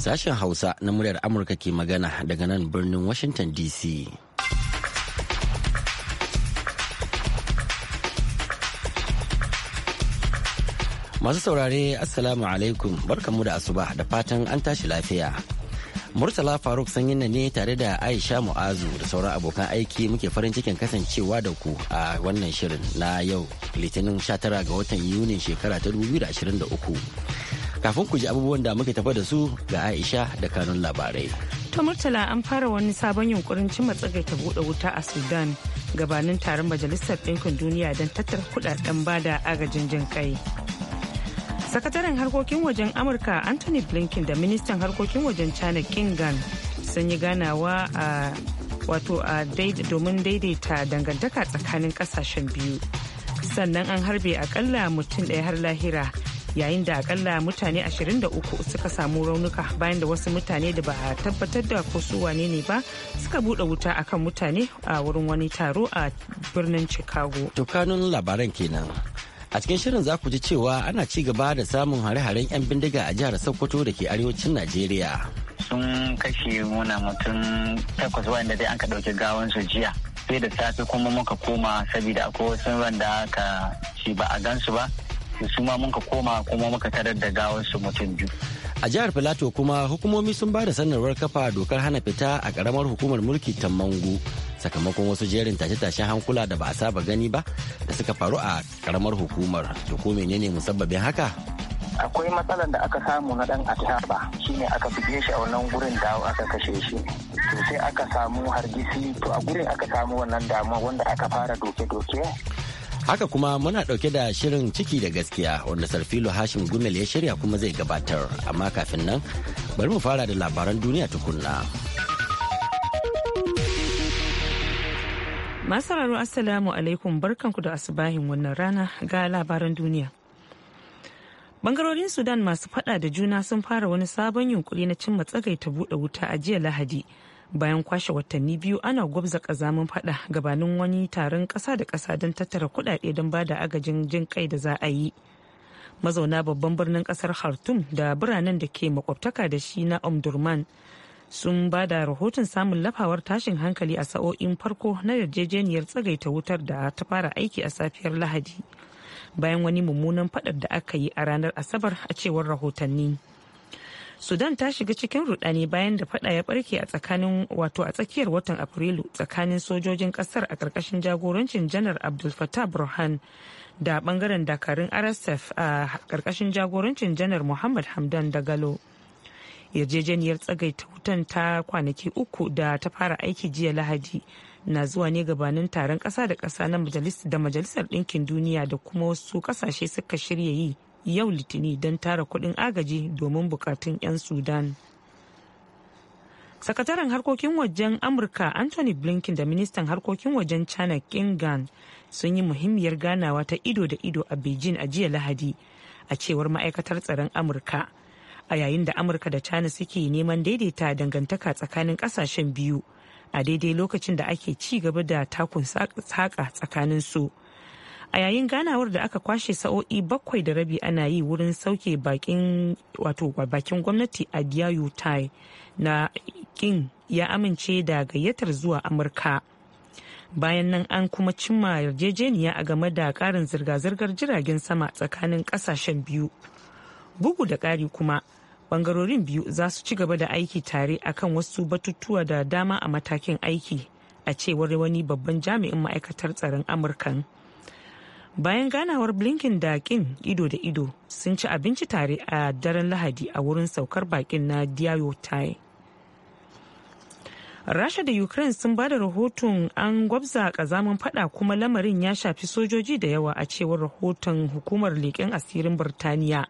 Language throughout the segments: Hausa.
Sashen Hausa na muryar Amurka ke magana daga nan birnin Washington DC. Masu saurare Assalamu alaikum barkamu da asuba da fatan an tashi lafiya. Murtala Faruk sanyin ne tare da Aisha Mu'azu da sauran abokan aiki muke farin cikin kasancewa da ku a wannan shirin na yau Litinin 19 ga watan Yunin shekara ta 2023. kafin ku ji abubuwan da muke tafa da su ga aisha da kanun labarai ta murtala an fara wani sabon yunkurin cimma ta buɗe wuta a sudan gabanin taron majalisar ɗinkin duniya don tattara kudaden bada agajin jin kai sakataren harkokin wajen amurka anthony blinken da ministan harkokin wajen china kingan sun yi ganawa a wato a domin daidaita dangantaka tsakanin kasashen biyu sannan an harbe akalla mutum ɗaya har lahira yayin da akalla mutane 23 suka samu raunuka bayan da wasu mutane da ba a tabbatar da ko su wane ne ba suka bude wuta akan mutane a wurin wani taro a birnin chicago tukanin labaran kenan a cikin shirin za ku ji cewa ana ci gaba da samun hare-haren 'yan bindiga a jihar sokoto da ke arewacin najeriya sun kashe muna mutum takwas wanda dai an ka gawan su jiya sai da safe kuma muka koma saboda akwai wasu wanda aka ci ba a gansu ba su ma muka koma kuma muka tarar da su mutum biyu a jihar filato kuma hukumomi sun ba da sanarwar kafa dokar hana fita a karamar hukumar mulki ta mangu sakamakon wasu jerin tashe-tashen hankula da ba a saba gani ba da suka faru a karamar hukumar to ko menene musabbabin haka akwai matsalar da aka samu na dan ataba shine aka buge shi a wannan gurin da aka kashe shi to aka samu hargitsi to a gurin aka samu wannan damuwa wanda aka fara doke-doke Haka kuma muna dauke da shirin ciki da gaskiya wanda Sarfilo Hashim Gumel ya shirya kuma zai gabatar. Amma kafin nan bari mu fara da labaran duniya tukunna. Masu raro Assalamu alaikum barkanku da asubahin wannan rana ga labaran duniya. bangarorin sudan masu fada da juna sun fara wani sabon yunkuri na cimma tsagaita buɗe wuta a jiya lahadi bayan kwashe watanni biyu ana gwabza kazamin fada gabanin wani taron kasa da kasa don tattara kuɗaɗe don bada agajin jin kai da za a yi mazauna babban birnin kasar khartoum da biranen da ke makwabtaka da shi na omdurman sun ba da rahoton samun lafawar tashin hankali a sa'o'in farko na yarjejeniyar tsagaita wutar da ta fara aiki a safiyar lahadi bayan wani mummunan fadar da aka yi a ranar asabar a cewar rahotanni sudan ta shiga cikin rudani bayan da fada ya barke a tsakanin wato a tsakiyar watan afrilu tsakanin sojojin kasar a karkashin jagorancin janar abdul fatah burhan da bangaren dakarun rsf a karkashin jagorancin janar muhammad hamdan dagalo yarjejeniyar tsagaita wutan ta kwanaki uku da ta fara aiki jiya lahadi na zuwa ne gabanin taron kasa da kasa na da majalisar ɗinkin duniya da kuma wasu kasashe suka shirya yi yau litini don tara kudin agaji domin bukatun 'yan sudan sakataren harkokin wajen amurka anthony blinken da ministan harkokin wajen china kingan sun yi muhimmiyar ganawa ta ido da ido a beijing a jiya lahadi a cewar ma'aikatar tsaron amurka a yayin da amurka da china suke neman daidaita dangantaka tsakanin kasashen biyu a daidai lokacin da ake ci gaba da takun saƙa tsakanin su a yayin ganawar da aka kwashe sa'o'i bakwai da rabi ana yi wurin sauke bakin gwamnati a diyayu na kin ya amince da gayyatar zuwa amurka bayan nan an kuma cimma yarjejeniya a game da karin zirga-zirgar jiragen sama tsakanin kasashen biyu bugu da kari kuma bangarorin biyu za su ci gaba da aiki tare akan wasu batutuwa da dama a matakin aiki a cewar wani babban jami'in ma'aikatar tsaron amurkan bayan ganawar blinken da kin ido da ido sun ci abinci tare a daren lahadi a wurin saukar bakin na diayotai rasha da ukraine sun ba da rahoton an gwabza kazamin fada kuma lamarin ya shafi sojoji da yawa a cewar rahoton hukumar leƙen asirin birtaniya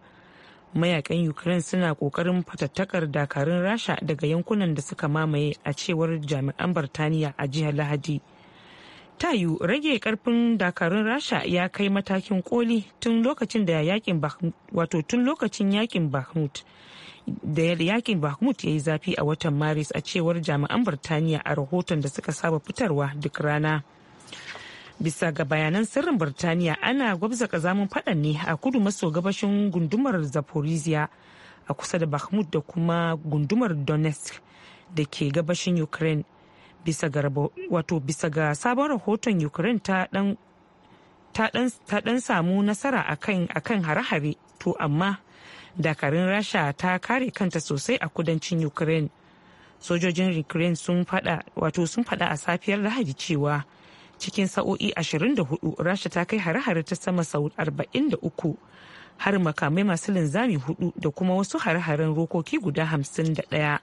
mayakan ukraine suna kokarin fatattakar dakarun rasha daga yankunan da suka mamaye a cewar jami'an birtaniya a jihar lahadi tayu rage karfin dakarun rasha ya kai matakin koli tun lokacin da yakin wato tun lokacin yakin bahmut da yakin bahmut ya yi zafi a watan maris a cewar jami'an birtaniya a rahoton da suka saba fitarwa duk rana bisa ga bayanan sirrin birtaniya ana gwabza kazamin fadan ne a kudu maso gabashin gundumar zaporizhia a kusa da bahmut da kuma gundumar donetsk da ke gabashin ukraine bisa ga sabon rahoton ukraine ta dan samu nasara akan hare-hare to amma dakarun rasha ta kare kanta sosai a kudancin ukraine sojojin ukraine sun fada wato sun fada a safiyar lahadi cewa cikin sa'o'i 24 rasha ta kai hare-hare ta sama sau 43 har makamai masu linzami hudu da kuma wasu hare-haren rokoki guda 51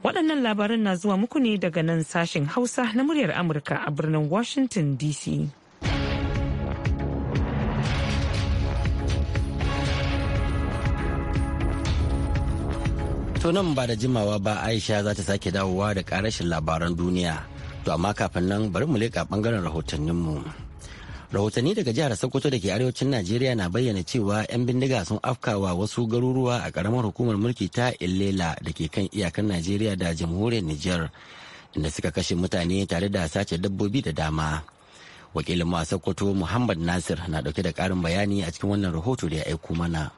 Waɗannan labaran na zuwa muku ne daga nan sashen Hausa na muryar Amurka a birnin Washington DC. To nan ba da jimawa ba Aisha za ta sake dawowa da ƙarashin labaran duniya. To amma kafin nan bari mu leƙa ɓangaren rahotanninmu. mu. rahotanni daga jihar sokoto da ke arewacin najeriya na bayyana cewa 'yan bindiga sun afkawa wasu garuruwa a karamar hukumar mulki ta illela da ke kan iyakar najeriya da jamhuriyar niger inda suka kashe mutane tare da sace dabbobi da dama wakilin a sokoto muhammad nasir na dauke da karin bayani a cikin wannan rahoto da ya aiko mana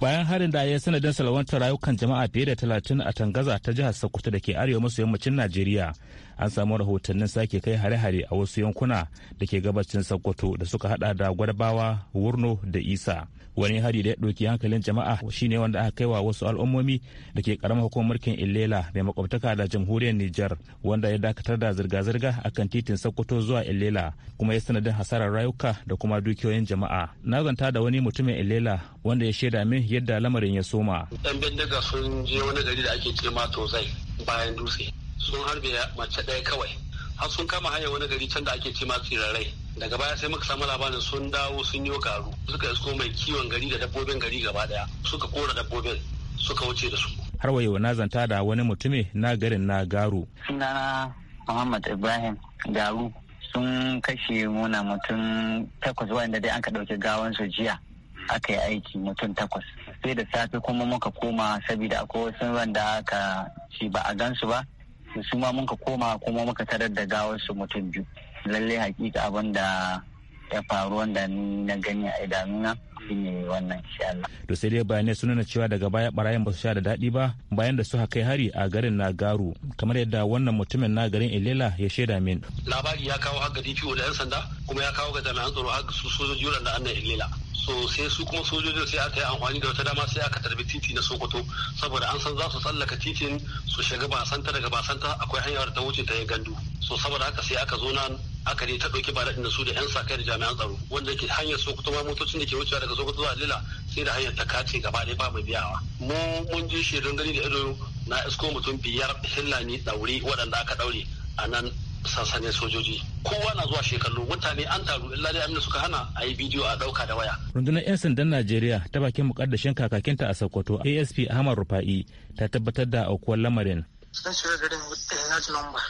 bayan harin da ya sanadin salwantar rayukan jama'a fiye da talatin a tangaza ta jihar sokoto da ke arewa maso yammacin najeriya an samu rahotannin sake kai hare-hare a wasu yankuna da ke gabacin sokoto da suka hada da gwarbawa wurno da isa wani hari da ya ɗauki hankalin jama'a shine wanda aka kai wa wasu al'ummomi da ke karamar hukumar mulkin illela mai makwabtaka da jamhuriyar niger wanda ya dakatar da zirga-zirga a kan titin sokoto zuwa illela kuma ya sanadin hasarar rayuka da kuma dukiyoyin jama'a na zanta da wani mutumin illela wanda ya shaida min yadda lamarin ya soma. Yan bindiga sun je wani gari da ake ce tozai bayan dutse sun harbe mace ɗaya kawai har sun kama hanyar wani gari can da ake ce tsirarai daga baya sai muka samu labarin sun dawo sun yi garu suka isko mai kiwon gari da dabbobin gari gaba daya suka kora dabbobin suka wuce da su. Har yau na zanta da wani mutumi na garin na garu. Sunana Muhammad Ibrahim garu sun kashe muna mutum takwas wanda dai an ka ɗauki gawansu jiya aka yi aiki mutum takwas sai da safe kuma muka koma saboda akwai wasu wanda aka ci ba a gansu ba su ma muka koma kuma muka tarar da gawarsu mutum biyu lallai hakika abin da ya faru wanda na gani a idanuna shine wannan insha Allah. To sai dai bayanai sun nuna cewa daga baya barayin ba su sha da daɗi ba bayan da su haka hari a garin Nagaru kamar yadda wannan mutumin na garin Ilela ya shaida min. Labari ya kawo haka ga DPO da 'yan sanda kuma ya kawo ga jami'an tsaro har su sojojin da annan Ilela. so sai su kuma sojojin sai aka yi amfani da wata dama sai aka tarbi titi na sokoto saboda an san za su tsallaka titin su shiga basanta daga basanta akwai hanyar ta wuce ta yi gandu so saboda haka sai aka zo nan aka ne ta ɗauki ba da su da 'yan sa da jami'an tsaro wanda ke hanyar sokoto ma motocin da ke wucewa daga sokoto zuwa lila sai da hanyar ta kace gaba ɗaya ba mai biyawa mu mun je shi don gani da ido na isko mutum biyar hillani ɗauri waɗanda aka ɗaure a nan sansanin sojoji kowa na zuwa shekaru mutane an taru illa dai amina suka hana a yi bidiyo a dauka da waya rundunar yan sandan najeriya ta bakin mukaddashin kakakinta a sokoto asp ahmad rufa'i ta tabbatar da aukuwar lamarin sun shiga garin large nomba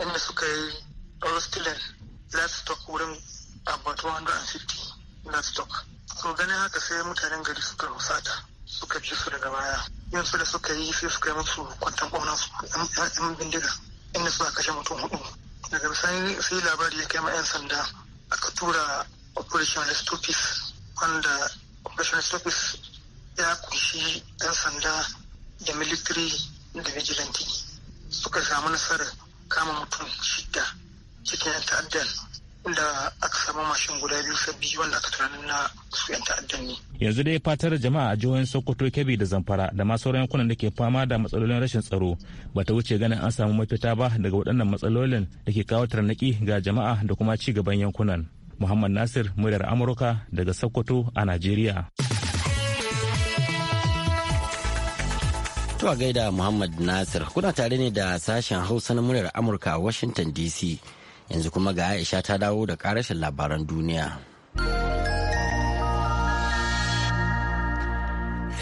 inda suka yi austin last stock wurin about 150 last stock so ganin haka sai mutanen gari suka rusata suka ci su daga baya yin su da suka yi sai suka yi musu kwantan kwanan su yan bindiga inda suka kashe mutum hudu daga bisani sai labari ya kai ma 'yan sanda aka tura operation restopis wanda operation restopis ya kunshi 'yan sanda da military da vigilante suka samu nasarar kama mutum shida cikin 'yan ta'addan inda aka samu mashin guda biyu sabbi wanda aka tunanin na su yan ta'addan ne. Yanzu dai fatar jama'a a jihohin Sokoto, Kebbi da Zamfara da ma sauran yankunan da ke fama da matsalolin rashin tsaro bata wuce ganin an samu mafita ba daga waɗannan matsalolin da ke kawo tarnaki ga jama'a da kuma ci gaban yankunan. Muhammad Nasir muryar Amurka daga Sokoto a Najeriya. Tuwa gaida Muhammad Nasir kuna tare ne da sashen Hausa na muryar Amurka a Washington DC. yanzu kuma ga aisha ta dawo da karashin labaran duniya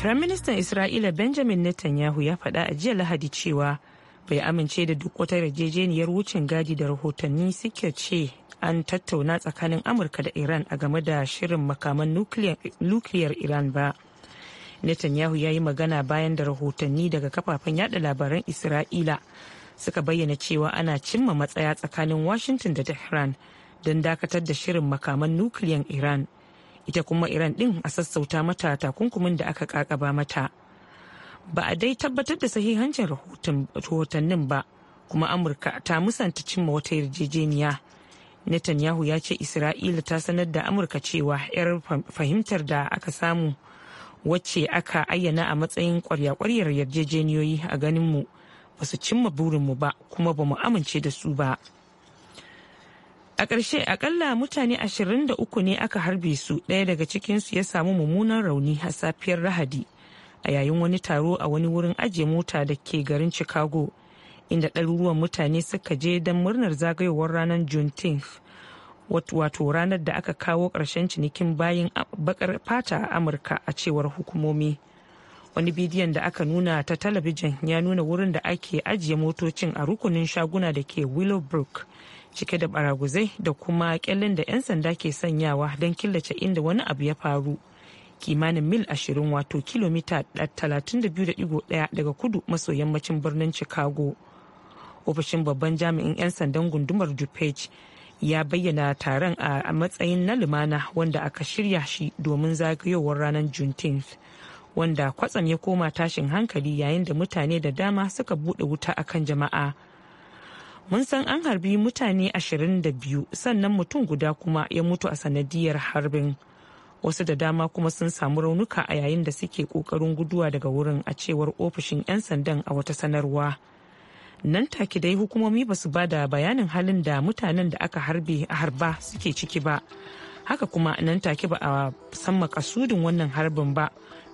firaministan isra'ila benjamin netanyahu ya faɗa a jiya lahadi cewa bai amince da duk wata yarjejeniyar wucin gadi da rahotanni suke ce an tattauna tsakanin amurka da iran a game da shirin makaman nukiliyar iran ba netanyahu ya yi magana bayan da rahotanni daga kafafen yada labaran isra'ila suka bayyana cewa ana cimma matsaya tsakanin washington da tehran don dakatar da shirin makaman nukiliyan iran ita kuma iran din a sassauta mata takunkumin da aka kakaba mata ba a dai tabbatar da sahihancin rahotannin ba kuma amurka ta musanta cimma wata yarjejeniya netanyahu ya ce isra'ila ta sanar da amurka cewa 'yar fahimtar da aka samu wacce aka ayyana a matsayin kwarya-kwaryar yarjejeniyoyi a ganinmu ba su cimma burinmu ba kuma ba mu amince da su ba a ƙarshe akalla mutane ashirin da uku ne aka harbe su ɗaya daga cikinsu ya samu mummunan rauni a safiyar lahadi a yayin wani taro a wani wurin ajiye mota da ke garin chicago inda ɗaruruwan mutane suka je don murnar zagayowar ranar juneteenth wato ranar da aka kawo ƙarshen cinikin bayan bakar fata a amurka a cewar hukumomi wani bidiyon da aka nuna ta talabijin ya nuna wurin da ake ajiye motocin a rukunin shaguna da ke willowbrook cike da baraguzai da kuma kyallin da 'yan sanda ke sanyawa don killace inda wani abu ya faru kimanin mil 20 wato kilomita 32.1 daga kudu maso yammacin birnin chicago ofishin babban jami'in 'yan sandan gundumar dupage ya bayyana taron a matsayin na lumana wanda aka shirya shi domin zagayowar ranar juneteenth wanda kwatsam ya koma tashin hankali yayin da mutane da dama suka buɗe wuta akan jama'a mun san an harbi mutane ashirin da biyu sannan mutum guda kuma ya mutu a sanadiyar harbin wasu da dama kuma sun samu raunuka a yayin da suke kokarin guduwa daga wurin a cewar ofishin 'yan sandan a wata sanarwa nan take dai hukumomi ba su ba da bayanin halin da mutanen da aka harbe a harba suke ciki ba haka kuma nan take ba a san makasudin wannan harbin ba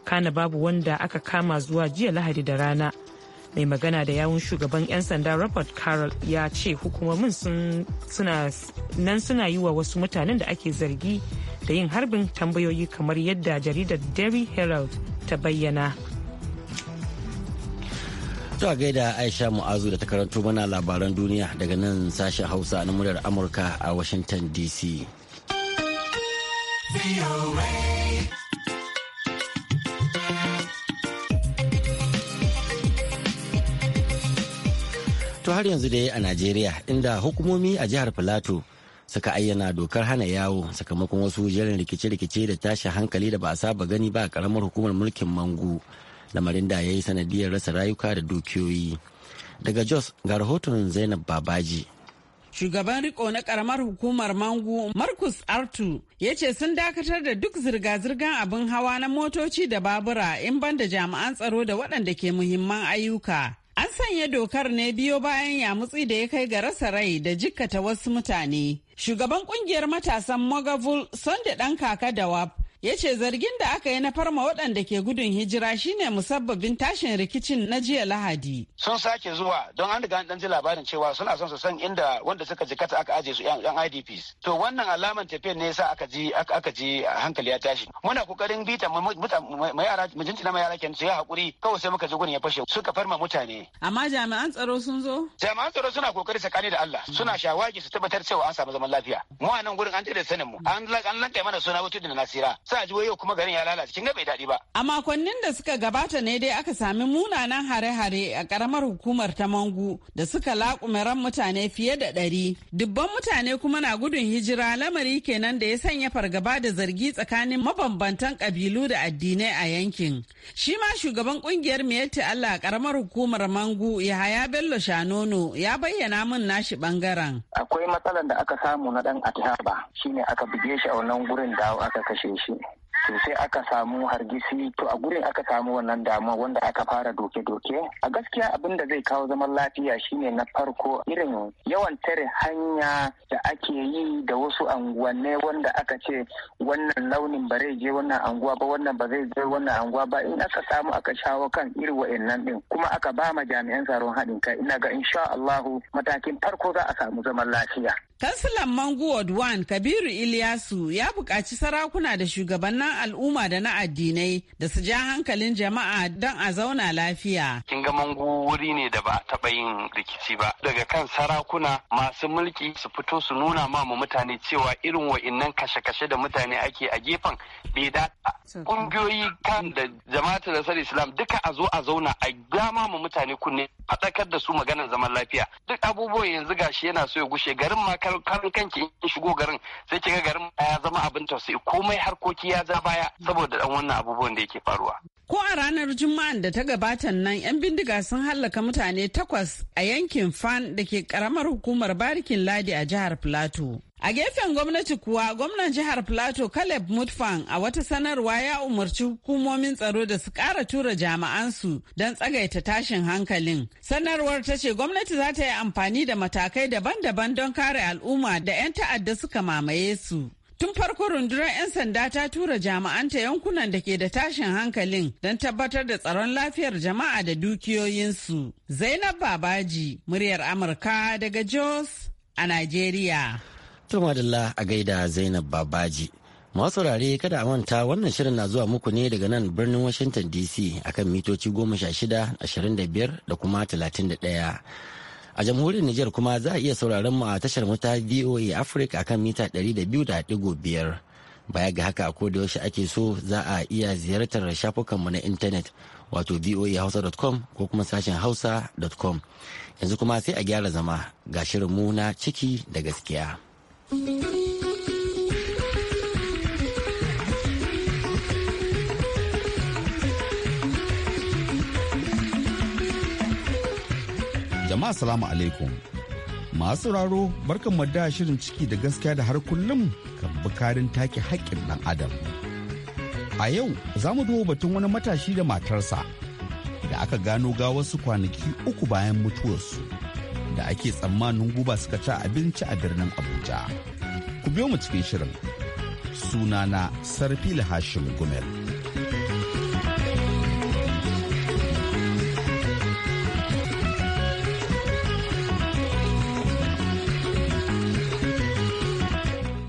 kana babu wanda aka kama zuwa jiya lahadi da rana mai magana da yawun shugaban 'yan sanda robert carroll ya ce hukumomin nan suna yi wa wasu mutanen da ake zargi da yin harbin tambayoyi kamar yadda jaridar derry herald ta bayyana ta gaida Aisha Mu'azu da ta karanto mana labaran duniya daga nan sashen Hausa na muryar Amurka a Washington DC. To har yanzu dai a Najeriya inda hukumomi a jihar Filato suka ayyana dokar hana yawo sakamakon wasu jerin rikice-rikice da tashi hankali da ba a saba gani ba a karamar hukumar mulkin Mangu lamarin da ya yi sanadiyar rasa rayuka da dukiyoyi. Daga Jos ga rahoton Zainab Babaji shugaban riko na karamar hukumar mangu marcus artu ya ce sun dakatar da duk zirga-zirgar abin hawa na motoci da babura in banda jami'an tsaro da waɗanda ke muhimman ayyuka An sanya dokar ne biyo bayan yamutsi da ya kai ga rasa rai da jikkata wasu mutane. Shugaban kungiyar matasan Mogavul da ɗan kaka da WAP ya ce zargin da aka yi na farma waɗanda ke gudun hijira shine musabbabin tashin rikicin na jiya lahadi sun sake zuwa don an riga an ji labarin cewa suna son su san inda wanda suka kata aka aje su yan idps to wannan alaman tafiya ne yasa aka ji aka ji hankali ya tashi muna kokarin bita mu yara mu jinjina yara kenan su yi hakuri kawai sai muka ji gudun ya fashe suka farma mutane amma jami'an tsaro sun zo jami'an tsaro suna kokari tsakani da Allah suna shawagi su tabbatar cewa an samu zaman lafiya mu a nan gurin an tare sanin mu an lanka mana suna wutu da nasira sai a ji yau kuma garin ya lalace kin ga bai daɗi ba. A makonnin da suka gabata ne dai aka sami munanan hare-hare a karamar hukumar ta Mangu da suka laƙume ran mutane fiye da ɗari. Dubban mutane kuma na gudun hijira lamari kenan da ya sanya fargaba da zargi tsakanin mabambantan ƙabilu da addinai a yankin. Shi ma shugaban ƙungiyar Miyatti Allah a karamar hukumar Mangu Yahaya Bello Shanono ya bayyana mun nashi bangaren. Akwai matsalar da aka samu na ɗan Atihaba shine aka bige shi a wannan gurin da aka kashe shi. sosai sai aka samu hargisi to a gurin aka samu wannan damuwa wanda aka fara doke-doke a gaskiya abin da zai kawo zaman lafiya shine na farko irin yawan tare hanya da ake yi da wasu anguwanne wanda aka ce wannan launin ba zai je wannan anguwa ba wannan ba zai je wannan anguwa ba in aka samu aka shawo kan irin wa'annan din kuma aka ba ma jami'an tsaron haɗin kai ina ga insha Allahu matakin farko za a samu zaman lafiya Kansilan Mangu 1 Kabiru ilyasu ya buƙaci sarakuna da shugabannin al'umma da na addinai da su ja hankalin jama'a don a zauna lafiya. Kin ga Mangu wuri ne da ba a taɓa yin rikici ba. Daga kan sarakuna masu mulki su fito su nuna ma mu mutane cewa irin wa'innan kashe-kashe da mutane ake a gefen bai da ƙungiyoyi kan da jama'atu da sar Islam duka a zo a zauna a dama mu mutane kunne a tsakar da su maganar zaman lafiya. Duk abubuwan yanzu gashi yana so ya gushe garin ma ki in shigo garin sai kiga garin ya zama abin tausayi komai harkoki ya za baya saboda dan wannan abubuwan da yake faruwa Ko a ranar Juma'an da ta gabata nan 'yan bindiga sun hallaka mutane takwas a yankin Fan da ke karamar hukumar Barikin Ladi a jihar Plateau. A gefen gwamnati kuwa gwamnan jihar Plateau Caleb Mutfan a wata sanarwa ya umarci hukumomin tsaro da su kara tura jami'ansu don tsagaita tashin hankalin. Sanarwar ta ce gwamnati za ta yi amfani da matakai daban-daban don kare al'umma da 'yan ta'adda suka mamaye su. Tun farko rundunar 'yan sanda ta tura jami'anta yankunan da ke da tashin hankalin don tabbatar da tsaron lafiyar jama'a da dukiyoyinsu. Zainab Babaji, muryar Amurka daga Jos a Najeriya. Tulmadalla a gaida Zainab Babaji. Masu saurare kada a manta wannan shirin na zuwa muku ne daga nan birnin Washington DC akan mitoci goma sha shida, ashirin da biyar da kuma talatin da ɗaya. A jamhuriyar Nijar kuma za a iya sauraron mu a tashar mata VOA Africa akan mita ɗari da biyu da ɗigo biyar. Baya ga haka ko da yaushe ake so za a iya ziyartar shafukanmu na intanet wato voahausa.com ko kuma sashen hausa.com. Yanzu kuma sai a gyara zama ga shirin mu na ciki da gaskiya. Jama'a salamu alaikum. Masu raro barkan da shirin ciki da gaskiya da har kullum kan bukarin take haƙƙin ɗan adam. A yau za mu duba batun wani matashi da matarsa da aka gano ga wasu kwanaki uku bayan mutuwarsu. da ake tsammanin guba suka ci abinci a birnin abuja ku biyo mu cikin shirin sunana sarfila hashim gumel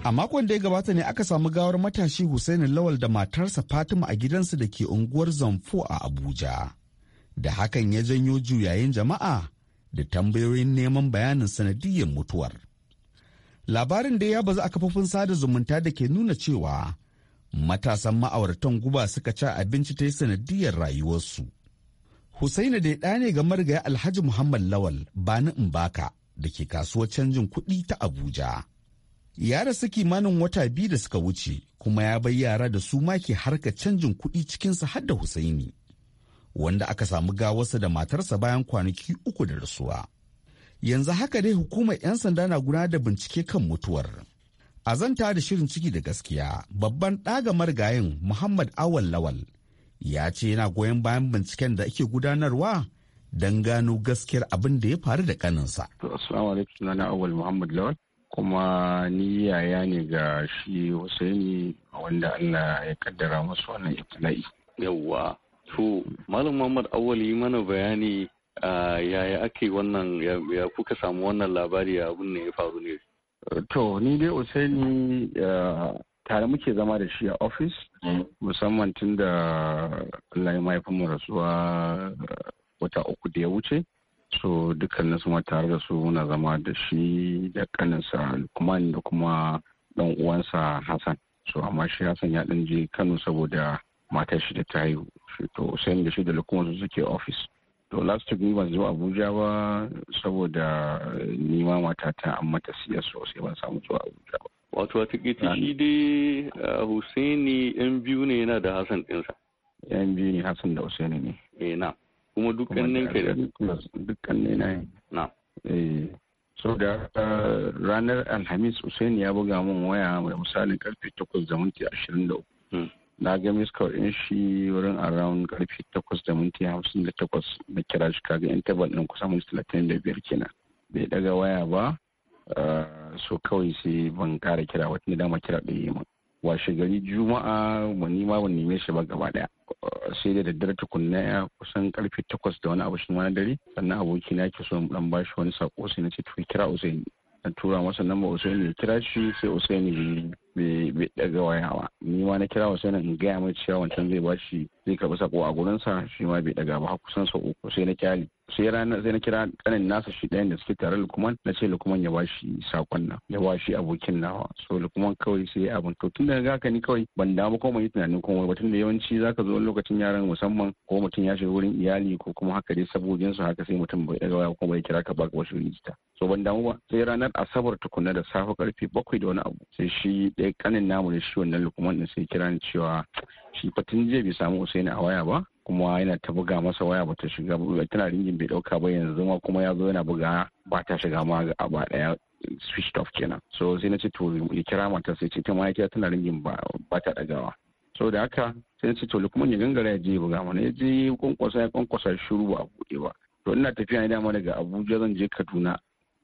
A makon da ya gabata ne aka samu gawar matashi Hussaini Lawal da matarsa Fatima a gidansu da ke unguwar Zamfo a Abuja. Da hakan ya janyo juyayin jama'a da tambayoyin neman bayanin sanadiyyar mutuwar. Labarin da ya bazu a kafofin sada zumunta da ke nuna cewa matasan ma'auratan guba suka ci abinci ta yi sanadiyyar rayuwarsu. Husaina dai ɗa ne ga marigaya Alhaji Muhammad Lawal Bani Mbaka da ke kasuwar canjin kuɗi ta Abuja. Ya rasu kimanin wata biyu da suka wuce kuma ya bai yara da su ma ke harka canjin kuɗi cikinsa har da Husaini. wanda aka samu gawarsa da matarsa bayan kwanaki uku da rasuwa. Yanzu haka dai hukumar 'yan sanda na gudanar da bincike kan mutuwar. A zanta da shirin ciki da gaskiya, babban ɗaga marigayin Muhammad Awal Lawal ya ce yana goyon bayan binciken da ake gudanarwa don gano gaskiyar abin da ya faru da kaninsa. Assalamu alaikum na Awal Muhammad Lawal kuma ni yaya ne ga shi A wanda Allah ya kaddara masu wannan ibtila'i. Yawwa To, Malam Muhammad Awali, yi mana bayani yaya ake wannan ya kuka samu wannan labari ya abin ne ya faru ne. To, ni dai Usaini tare muke zama da shi a ofis mm. musamman tun da Allah ya rasuwa wata uku da ya wuce. So dukkanin ma tare da su muna zama da shi da kaninsa Lukman da kuma dan uwansa Hassan. So amma shi Hassan ya ɗan je Kano saboda matar shi da ta haihu to usain da shi da kuma su suke ofis to last week ni ban zo abuja ba saboda eh, nima matata an mata siyar sosai ban samu zuwa abuja ba wato wata shi dai eh, husaini yan biyu ne yana da hassan ɗinsa yan biyu ne hassan da husaini ne eh na kuma dukkanin ka da dukkanin na na eh so da ranar alhamis husaini ya buga min waya mai misalin karfe takwas da minti ashirin da uku hmm. na ga miskar in shi wurin around karfe takwas da minti takwas na kira shi kaga interval din kusan minti 35 kenan bai daga waya ba ah, so kawai sai ban kara kira wata dama kira da yi washe gari juma'a mu nima ban neme shi ba gaba daya ah, sai da daddare tukunna ya kusan karfe 8 da wani abu shi wani dare sannan aboki na ke so dan shi wani sako sai na ce to kira Usaini na tura masa namba Usaini ya kira shi sai Usaini bai daga waya ba ni ma na kira wasu in gaya mai cewa wancan zai ba shi zai karbi sako a gurinsa shi ma bai daga ba kusan sau uku sai na kyale sai na kira kanin nasa shi ɗayan da suke tare lukuman na ce lukuman ya bashi sakon nan ya bashi abokin nawa so lukuman kawai sai abin to tun daga haka ni kawai ban damu ko yi tunanin komai ba tun da yawanci zaka zo lokacin yaran musamman ko mutum ya shiga wurin iyali ko kuma haka dai sabobin su haka sai mutum bai daga waya ko bai kira ka ba wasu likita so ban damu ba sai ranar asabar tukunna da safe karfe bakwai da wani abu sai shi ɗaya ya eh, kanin namu da shi wannan lukman din sai kira ni cewa shi fatin tun jiya bai samu usaini a waya ba kuma yana ta buga masa waya ba ta shiga tana ringin bai dauka ba yanzu ma kuma ya yana buga ba ta shiga ma gaba daya switch off kenan so sai na ce to ya kira mata sai ce ta ma ya tana ringin ba ta dagawa so da haka sai na ce to lukuman ya gangara ya je ya buga mana ya je kwankwasa ya kwankwasa shiru ba a buɗe ba to ina tafiya ne dama daga abuja zan je kaduna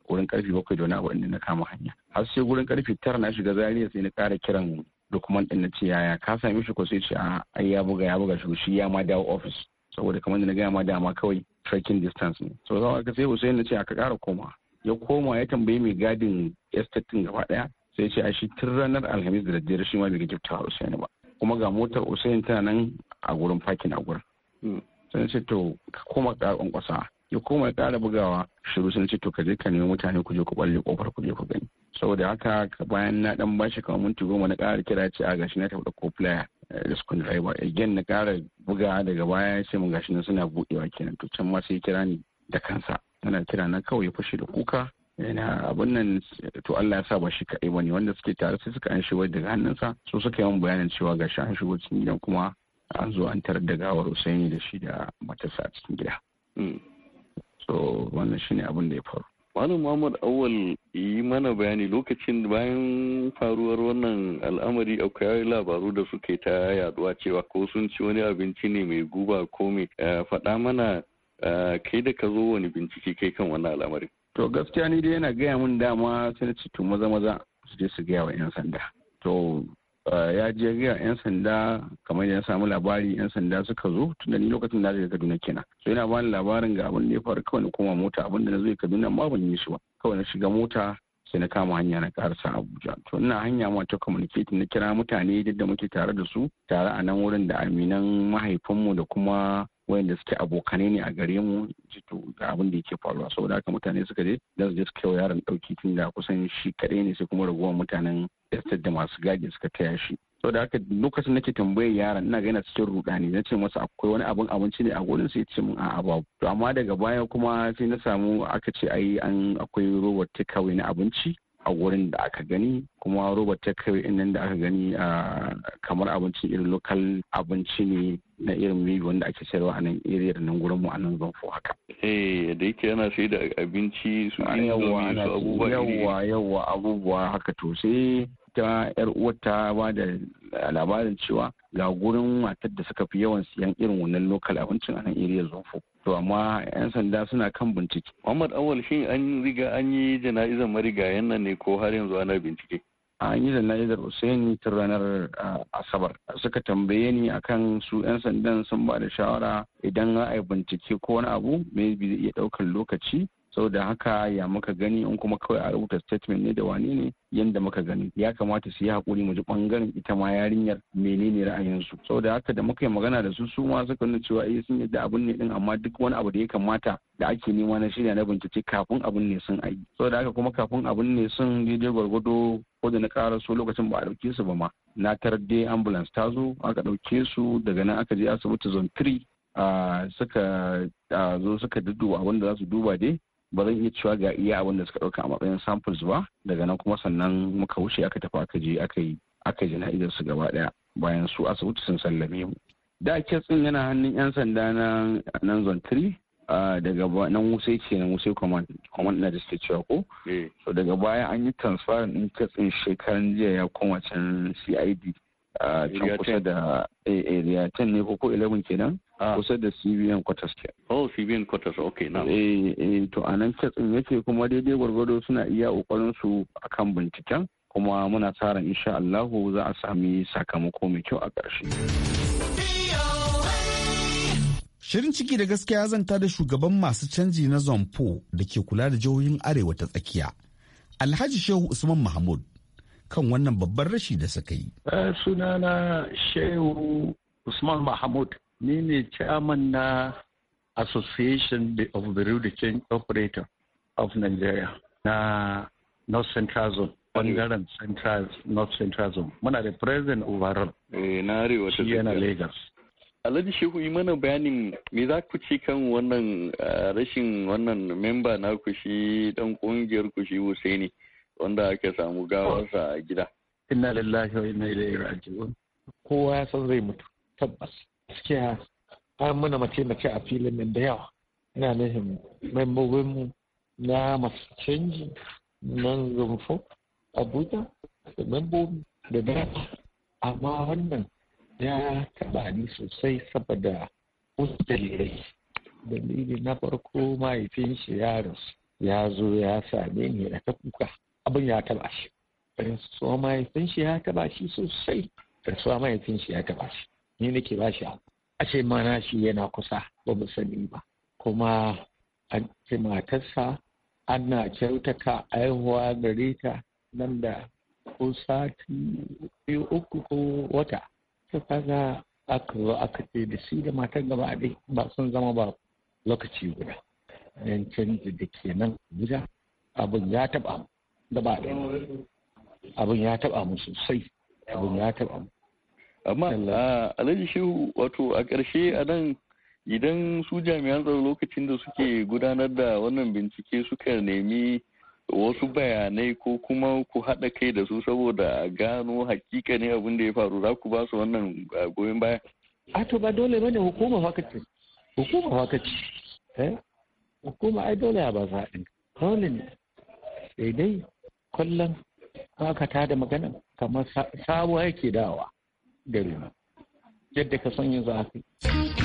wurin karfe bakwai da wani abu inda na kama hanya har sai wurin karfe tara na shiga zariya sai na kara kiran dokuman din na ce yaya ka same shi ko sai ce a ai ya buga ya buga shi ya ma dawo ofis saboda kamar da na gaya ma dama kawai tracking distance ne so za ka sai Hussein na ce aka kara koma ya koma ya tambaye mai gadin estate gaba daya sai ce a shi tun ranar alhamis da daddare shi ma bai gifta Hussein ba kuma ga motar Hussein tana nan a gurin parking a gurin hmm. sai ce to ka koma ka kwankwasa ya koma ya ƙara bugawa shiru sun ce to ka je ka nemi mutane ku je ku balle kofar ku je ku gani saboda haka bayan na dan bashi kamar minti goma na kara kira ce a gashi na tafi ko player eh, da sukun driver again na kara buga daga baya ya ce mun gashi nan suna buɗewa kenan to can ma sai kira ni da kansa yana kira na kawai ya fashe da kuka yana abun nan to Allah ya sa ba shi kaɗai bane wanda suke tare sai suka an shigo daga hannunsa so suka yi min bayanin cewa gashi an shigo cikin gidan kuma an zo an tarar da gawar Usaini da shi da matarsa cikin gida. Hmm. so wannan shine abin da ya faru malam muhammad awal yi mana bayani lokacin bayan faruwar wannan al'amari akwai labaru da suka yi ta yaduwa cewa ko sun ci wani abinci ne mai guba ko mai eh, faɗa mana eh, kai da ka zo wani bincike kai kan wannan al'amari to gaskiya ni dai yana gaya min dama sai na ci maza maza su je su gaya wa 'yan sanda to Eh, ya je ga yan sanda kamar ya samu labari yan sanda suka zo tun da ni lokacin da daga Kaduna kenan so yana bani labarin ga abin da ya faru kawai na koma mota abin da na zo Kaduna ma ban yi shi ba kawai na shiga mota sai na kama hanya na karsa abuja to ina hanya ma ta communicating na kira mutane duk da muke tare da su tare a nan wurin da aminan mahaifinmu da kuma wayanda suke abokanai ne a gare mu jito ga abin da yake faruwa saboda haka mutane suka je da su je su yaron dauki tun da kusan shi kadai ne sai kuma ragowar mutanen da da masu gage suka taya shi saboda haka lokacin nake tambayar yaron ina ga yana cikin rudani na ce masa akwai wani abin abinci ne a gurin sai ce min a'a babu to amma daga baya kuma sai na samu aka ce ai an akwai robar takeaway na abinci a wurin da aka gani kuma robot takeaway nan da aka gani ah, kamar abincin irin lokal abinci ne na irin wiwi wanda ake sayarwa a nan iriyar nan gurin mu a nan zonfo haka. Eh da yake yana sai da abinci su ah, abubuwa yawwa yawwa abubuwa haka to sai ta yar uwar ta ba da labarin cewa ga gurin matar da suka fi yawan siyan irin wannan lokal abincin a nan iriyar zonfo. to amma 'yan sanda suna kan bincike. Muhammad Awal shin an riga an yi jana'izan marigayen nan ne ko har yanzu ana bincike? an yi jana'izar Hussaini ta ranar Asabar. Suka tambaye ni akan su 'yan sandan sun ba da shawara idan a bincike ko wani abu maybe zai iya ɗaukar lokaci saboda haka ya muka gani in kuma kawai a rubuta statement ne da wane ne yadda muka gani ya kamata su yi hakuri mu ji bangaren ita ma yarinyar menene ra'ayinsu saboda haka da muka yi magana da su su ma suka nuna cewa eh sun yadda abun ne din amma duk wani abu da ya kamata da ake nema na shirya na bincike kafin abun ne sun ayi saboda haka kuma kafin abun ne sun daidai gwargwado ko da na ƙara so lokacin ba a ɗauke su ba ma na tarar dai ambulance ta zo aka ɗauke su daga nan aka je asibiti zone a suka zo suka duduwa abin da za su duba dai ba zan iya cewa ga iya abin da suka ɗauka a matsayin samples ba daga nan kuma sannan muka wuce aka tafi aka je aka yi aka ji na'izar su gaba ɗaya bayan su asibiti sun sallame mu da kes ɗin yana hannun yan sanda na nan zone three Ah, daga nan yake kenan wuse command command na da cewa ko eh. so daga baya an yi transfer in katsin shekaran jiya ya koma can CID ah, can kusa da eh, area 10 ne ko ko 11 kenan ah. kusa da CBN quarters ke oh CBN quarters okay na eh eh to anan katsin yake kuma daidai gwargwado suna iya kokarin su akan binciken kuma muna tsara insha Allahu za a sami sakamako mai kyau a ƙarshe Shirin ciki da gaskiya zanta da shugaban masu canji na Zompo da ke kula da jihohin Arewa ta tsakiya. Alhaji Shehu Usman Mahmud kan wannan babban rashi da suka yi. Eh, sunana Shehu Usman Mahmud ni ne chairman na Association of the Road Operator of Nigeria na North Central Zone. Bangaren Central North Central Zone. Muna da president overall. Eh, na Arewa ta Yana Lagos. Alhaji Shehu yi mana bayanin me za ku ci kan wannan rashin wannan memba na ku shi dan kungiyar ku shi Husaini wanda aka samu gawarsa a gida. Inna lillahi wa inna ilaihi raji'un. Kowa ya san zai mutu tabbas. Gaskiya an muna mace mace a filin nan da yawa. Ina nufin membobin mu na masu canji nan zumfo Abuja da membobi da dama amma wannan ya taɓa ni sosai saboda wasu dalilai dalili na farko mahaifin shi rasu. ya zo ya same ni da ta kuka abin ya taɓa shi rasuwa mahaifin shi ya taɓa shi sosai rasuwa mahaifin shi ya taɓa shi ni nake ba shi a ce mana shi yana kusa ba mu sani ba kuma an ce matarsa ana kyautaka aihuwa gare ta nan da ko sati biyu uku ko wata ta kaga aka zo aka ce da shi da matar gaba ɗaya ba sun zama ba lokaci guda yan canji da ke nan guda abin ya taɓa ba da abin ya taɓa mu sosai abin ya taɓa mu amma ah, alhaji shi wato a ƙarshe a nan idan su jami'an tsaro lokacin da suke gudanar da wannan bincike suka nemi wasu bayanai ko kuma ku haɗa kai da su saboda a gano hakika ne abin da ya faru za ku ba su wannan goyon baya. A to ba dole bane hukuma wakaci. Hukuma wakaci. Eh? Hukuma ai dole a ba a ɗin Dole ne. Sai dai kullum haka ta da magana kamar sabuwa yake dawa da rima. Yadda ka son yanzu kai.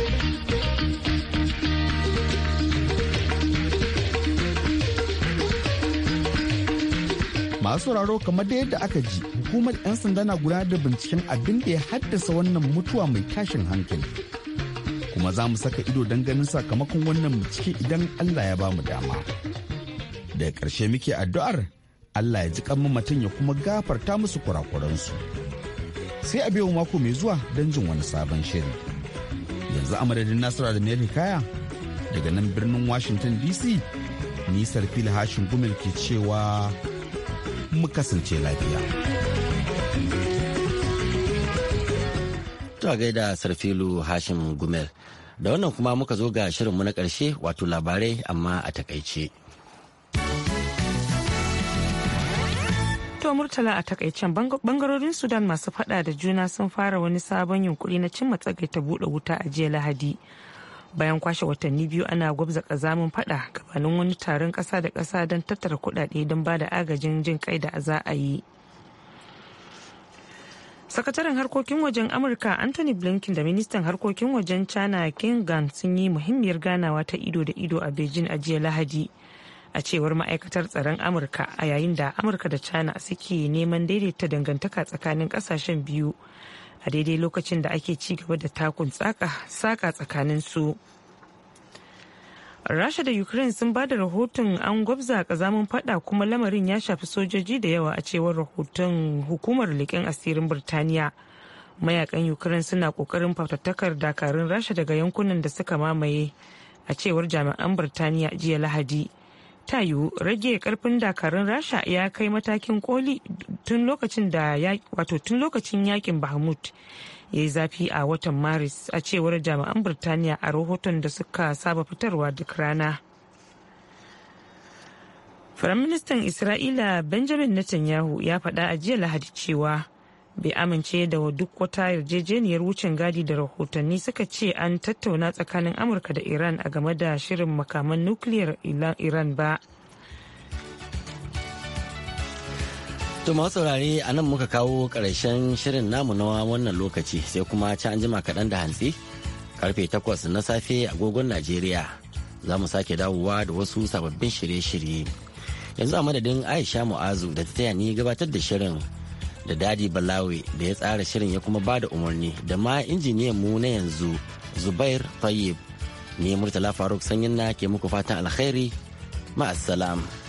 masu sauraro kamar da yadda aka ji hukumar 'yan sanda na gudanar da binciken abin da ya haddasa wannan mutuwa mai tashin hankali kuma za mu saka ido don ganin sakamakon wannan bincike idan allah ya bamu dama daga ƙarshe muke addu'ar allah ya ji kan mutum ya kuma gafarta musu kurakuransu sai a biyo mako mai zuwa don jin wani sabon shiri yanzu a madadin nasara da mai kaya daga nan birnin washington dc nisar fil hashin gumel ke cewa mu kasance lafiya. To gaida Sarfilu Hashim Gumel. Da wannan kuma muka zo ga shirinmu na ƙarshe wato labarai amma a takaice. To Murtala a takaicen bangarorin Sudan masu fada da juna sun fara wani sabon yunkuri na cimma tsagaita bude wuta a jiya Lahadi. bayan kwashe watanni biyu ana gwabza kazamin fada gabanin wani taron kasa da kasa don tattara kudade don ba da agajin jin kai da za a yi sakataren harkokin wajen amurka anthony blinken da ministan harkokin wajen china king sun yi muhimmiyar ganawa ta ido da ido a beijing a jiya lahadi a cewar ma'aikatar tsaron amurka a yayin da amurka da china suke neman daidaita dangantaka tsakanin kasashen biyu a daidai lokacin da ake ci gaba da takun saka tsakanin su. Rasha da Ukraine sun ba da rahoton an gwabza kazamin fada kuma lamarin ya shafi sojoji da yawa a cewar rahoton hukumar likin asirin Birtaniya. Mayakan Ukraine suna ƙoƙarin fatattakar dakarun Rasha daga yankunan da suka mamaye a cewar jami'an Birtaniya jiya Lahadi. ta yiwu rage karfin dakarun rasha ya kai matakin koli tun lokacin da wato tun lokacin yakin bahmut ya yi zafi a watan maris a cewar jami'an birtaniya a rahoton da suka saba fitarwa duk rana firaministan isra'ila benjamin netanyahu ya faɗa a jiya lahadi cewa bai amince da duk wata yarjejeniyar wucin gadi da rahotanni suka ce an tattauna tsakanin amurka da iran a game da shirin makaman nukiliyar iran ba To masu saurare a nan muka kawo karshen shirin namu na wannan lokaci sai kuma ci an jima kaɗan da hantsi karfe takwas na safe agogon Najeriya za mu sake dawowa da wasu sababbin shirye-shirye. Yanzu a madadin Aisha Mu'azu da ta taya ni gabatar da shirin da dadi balawe da ya tsara shirin ya kuma bada umarni da ma injiniyan mu na yanzu zubair tayyib ne murtala faruk sanyin na ke muku fatan alkhairi ma'assalam.